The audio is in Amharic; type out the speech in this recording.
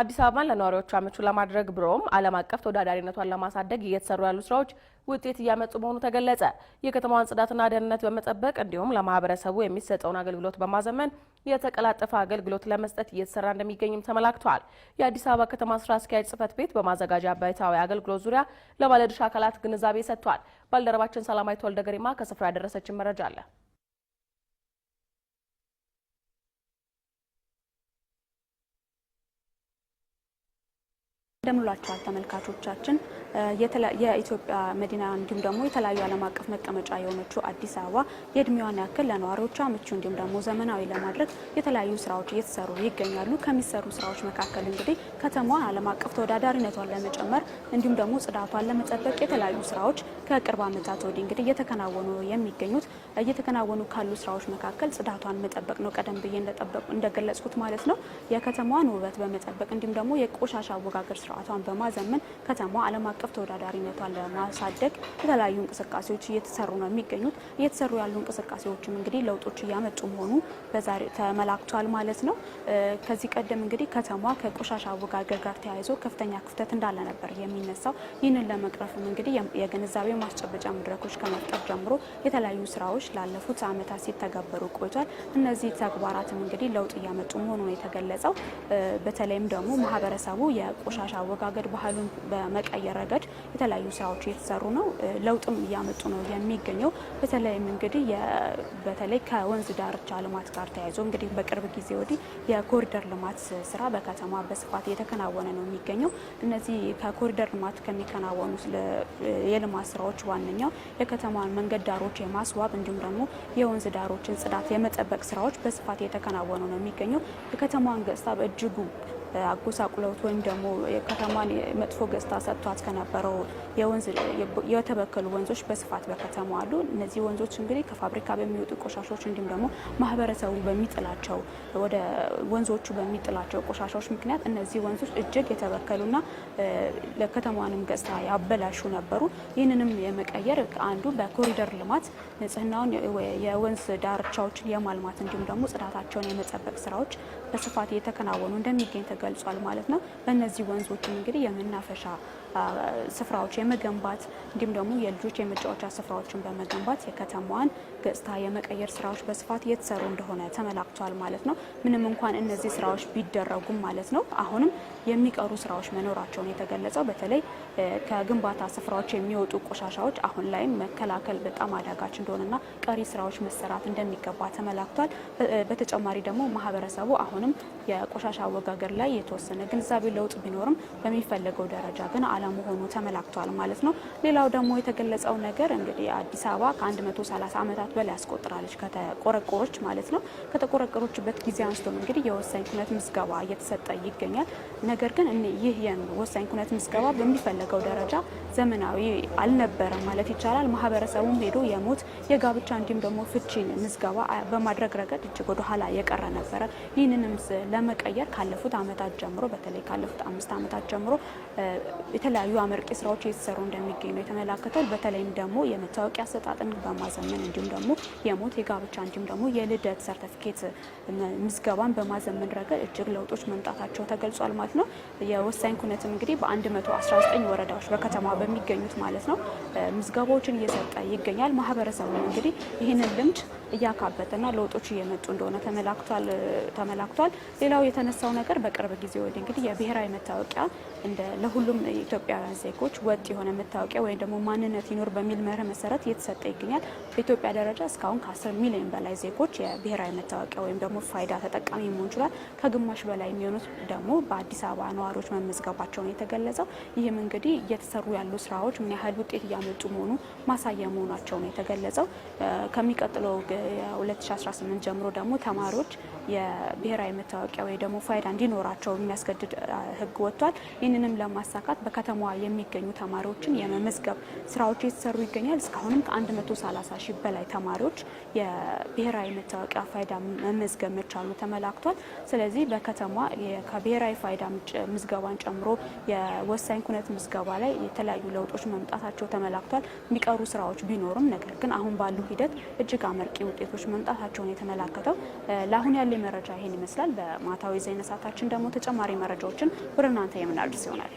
አዲስ አበባን ለነዋሪዎቿ ምቹ ለማድረግ ብሎም ዓለም አቀፍ ተወዳዳሪነቷን ለማሳደግ እየተሰሩ ያሉ ስራዎች ውጤት እያመጡ መሆኑ ተገለጸ። የከተማዋን ጽዳትና ደህንነት በመጠበቅ እንዲሁም ለማህበረሰቡ የሚሰጠውን አገልግሎት በማዘመን የተቀላጠፈ አገልግሎት ለመስጠት እየተሰራ እንደሚገኝም ተመላክቷል። የአዲስ አበባ ከተማ ስራ አስኪያጅ ጽህፈት ቤት በማዘጋጃ ቤታዊ አገልግሎት ዙሪያ ለባለድርሻ አካላት ግንዛቤ ሰጥቷል። ባልደረባችን ሰላማዊት ወልደገሪማ ከስፍራ ያደረሰችን መረጃ አለ። እንደምንላችኋል ተመልካቾቻችን የኢትዮጵያ መዲና እንዲሁም ደግሞ የተለያዩ ዓለም አቀፍ መቀመጫ የሆነችው አዲስ አበባ የእድሜዋን ያክል ለነዋሪዎቿ ምቹ እንዲሁም ደግሞ ዘመናዊ ለማድረግ የተለያዩ ስራዎች እየተሰሩ ይገኛሉ። ከሚሰሩ ስራዎች መካከል እንግዲህ ከተማዋ ዓለም አቀፍ ተወዳዳሪነቷን ለመጨመር እንዲሁም ደግሞ ጽዳቷን ለመጠበቅ የተለያዩ ስራዎች ከቅርብ ዓመታት ወዲህ እንግዲህ እየተከናወኑ የሚገኙት እየተከናወኑ ካሉ ስራዎች መካከል ጽዳቷን መጠበቅ ነው። ቀደም ብዬ እንደገለጽኩት ማለት ነው። የከተማዋን ውበት በመጠበቅ እንዲሁም ደግሞ የቆሻሻ አወጋገር ስርዓቷን በማዘመን ከተማዋ ዓለም አቀፍ ተወዳዳሪነቷን ለማሳደግ የተለያዩ እንቅስቃሴዎች እየተሰሩ ነው የሚገኙት። እየተሰሩ ያሉ እንቅስቃሴዎችም እንግዲህ ለውጦች እያመጡ መሆኑ በዛሬ ተመላክቷል ማለት ነው። ከዚህ ቀደም እንግዲህ ከተማ ከቆሻሻ አወጋገር ጋር ተያይዞ ከፍተኛ ክፍተት እንዳለ ነበር የሚነሳው። ይህንን ለመቅረፍም እንግዲህ የግንዛቤ ማስጨበጫ መድረኮች ከመፍጠር ጀምሮ የተለያዩ ስራዎች ላለፉት አመታት ሲተገበሩ ቆይቷል። እነዚህ ተግባራትም እንግዲህ ለውጥ እያመጡ መሆኑ ነው የተገለጸው። በተለይም ደግሞ ማህበረሰቡ የቆሻሻ አወጋገድ ባህሉን በመቀየር ረገድ የተለያዩ ስራዎች እየተሰሩ ነው፣ ለውጥም እያመጡ ነው የሚገኘው። በተለይም እንግዲህ በተለይ ከወንዝ ዳርቻ ልማት ጋር ተያይዞ እንግዲህ በቅርብ ጊዜ ወዲህ የኮሪደር ልማት ስራ በከተማ በስፋት እየተከናወነ ነው የሚገኘው። እነዚህ ከኮሪደር ልማት ከሚከናወኑ የልማት ስራዎች ዋነኛው የከተማዋን መንገድ ዳሮች የማስዋብ እንዲሁም ደግሞ የወንዝ ዳሮችን ጽዳት የመጠበቅ ስራዎች በስፋት እየተከናወኑ ነው የሚገኘው የከተማዋን ገጽታ በእጅጉ አጎሳቁለውት ወይም ደግሞ ከተማን መጥፎ ገጽታ ሰጥቷት ከነበረው የወንዝ የተበከሉ ወንዞች በስፋት በከተማ አሉ። እነዚህ ወንዞች እንግዲህ ከፋብሪካ በሚወጡ ቆሻሻዎች እንዲሁም ደግሞ ማህበረሰቡ በሚጥላቸው ወደ ወንዞቹ በሚጥላቸው ቆሻሻዎች ምክንያት እነዚህ ወንዞች እጅግ የተበከሉና ለከተማንም ገጽታ ያበላሹ ነበሩ። ይህንንም የመቀየር አንዱ በኮሪደር ልማት ንጽህናውን የወንዝ ዳርቻዎችን የማልማት እንዲሁም ደግሞ ጽዳታቸውን የመጠበቅ ስራዎች በስፋት እየተከናወኑ እንደሚገኝ ተገልጿል ማለት ነው። በእነዚህ ወንዞችም እንግዲህ የመናፈሻ ስፍራዎች የመገንባት እንዲሁም ደግሞ የልጆች የመጫወቻ ስፍራዎችን በመገንባት የከተማዋን ገጽታ የመቀየር ስራዎች በስፋት የተሰሩ እንደሆነ ተመላክቷል ማለት ነው። ምንም እንኳን እነዚህ ስራዎች ቢደረጉም ማለት ነው አሁንም የሚቀሩ ስራዎች መኖራቸውን የተገለጸው በተለይ ከግንባታ ስፍራዎች የሚወጡ ቆሻሻዎች አሁን ላይም መከላከል በጣም አዳጋች እንደሆነና ቀሪ ስራዎች መሰራት እንደሚገባ ተመላክቷል። በተጨማሪ ደግሞ ማህበረሰቡ አሁንም የቆሻሻ አወጋገር ላይ የተወሰነ ግንዛቤ ለውጥ ቢኖርም በሚፈለገው ደረጃ ግን አለ መሆኑ ተመላክቷል ማለት ነው። ሌላው ደግሞ የተገለጸው ነገር እንግዲህ አዲስ አበባ ከ130 ዓመታት በላይ ያስቆጥራለች ከተቆረቆሮች ማለት ነው። ከተቆረቆሮችበት ጊዜ አንስቶ እንግዲህ የወሳኝ ኩነት ምዝገባ እየተሰጠ ይገኛል። ነገር ግን ይህ የወሳኝ ኩነት ምዝገባ በሚፈለገው ደረጃ ዘመናዊ አልነበረም ማለት ይቻላል። ማህበረሰቡም ሄዶ የሞት የጋብቻ እንዲሁም ደግሞ ፍቺን ምዝገባ በማድረግ ረገድ እጅግ ወደ ኋላ የቀረ ነበረ። ይህንንም ለመቀየር ካለፉት ዓመታት ጀምሮ በተለይ ካለፉት አምስት ዓመታት ጀምሮ የተለያዩ አመርቂ ስራዎች እየተሰሩ እንደሚገኙ የተመላከተው። በተለይም ደግሞ የመታወቂያ አሰጣጥን በማዘመን እንዲሁም ደግሞ የሞት የጋብቻ እንዲሁም ደግሞ የልደት ሰርተፊኬት ምዝገባን በማዘመን ረገድ እጅግ ለውጦች መምጣታቸው ተገልጿል ማለት ነው። የወሳኝ ኩነትም እንግዲህ በ119 ወረዳዎች በከተማ በሚገኙት ማለት ነው ምዝገባዎችን እየሰጠ ይገኛል። ማህበረሰቡ እንግዲህ ይህንን ልምድ እያካበተና ለውጦች እየመጡ እንደሆነ ተመላክቷል። ሌላው የተነሳው ነገር በቅርብ ጊዜ ወዲህ እንግዲህ የብሔራዊ መታወቂያ እንደ ለሁሉም ለኢትዮጵያውያን ዜጎች ወጥ የሆነ መታወቂያ ወይም ደግሞ ማንነት ይኖር በሚል መርህ መሰረት እየተሰጠ ይገኛል። በኢትዮጵያ ደረጃ እስካሁን ከ10 ሚሊዮን በላይ ዜጎች የብሔራዊ መታወቂያ ወይም ደግሞ ፋይዳ ተጠቃሚ መሆን ይችላል። ከግማሽ በላይ የሚሆኑት ደግሞ በአዲስ አበባ ነዋሪዎች መመዝገባቸውን የተገለጸው ይህም እንግዲህ እየተሰሩ ያሉ ስራዎች ምን ያህል ውጤት እያመጡ መሆኑ ማሳያ ነው የተገለጸው ከሚቀጥለው 2018 ጀምሮ ደግሞ ተማሪዎች የብሔራዊ መታወቂያ ወይ ደግሞ ፋይዳ እንዲኖራቸው የሚያስገድድ ህግ ወጥቷል። ይህንንም ለማሳካት በከተማዋ የሚገኙ ተማሪዎችን የመመዝገብ ስራዎች እየተሰሩ ይገኛል። እስካሁንም ከ130 ሺህ በላይ ተማሪዎች የብሔራዊ መታወቂያ ፋይዳ መመዝገብ መቻሉ ተመላክቷል። ስለዚህ በከተማዋ ከብሔራዊ ፋይዳ ምዝገባን ጨምሮ የወሳኝ ኩነት ምዝገባ ላይ የተለያዩ ለውጦች መምጣታቸው ተመላክቷል። የሚቀሩ ስራዎች ቢኖሩም ነገር ግን አሁን ባሉ ሂደት እጅግ አመርቂ ውጤቶች መምጣታቸውን የተመላከተው ለአሁን ያለ መረጃ ይሄን ይመስላል። በማታዊ ዜና ሰዓታችን ደግሞ ተጨማሪ መረጃዎችን ወደ እናንተ የምናደርስ ይሆናል።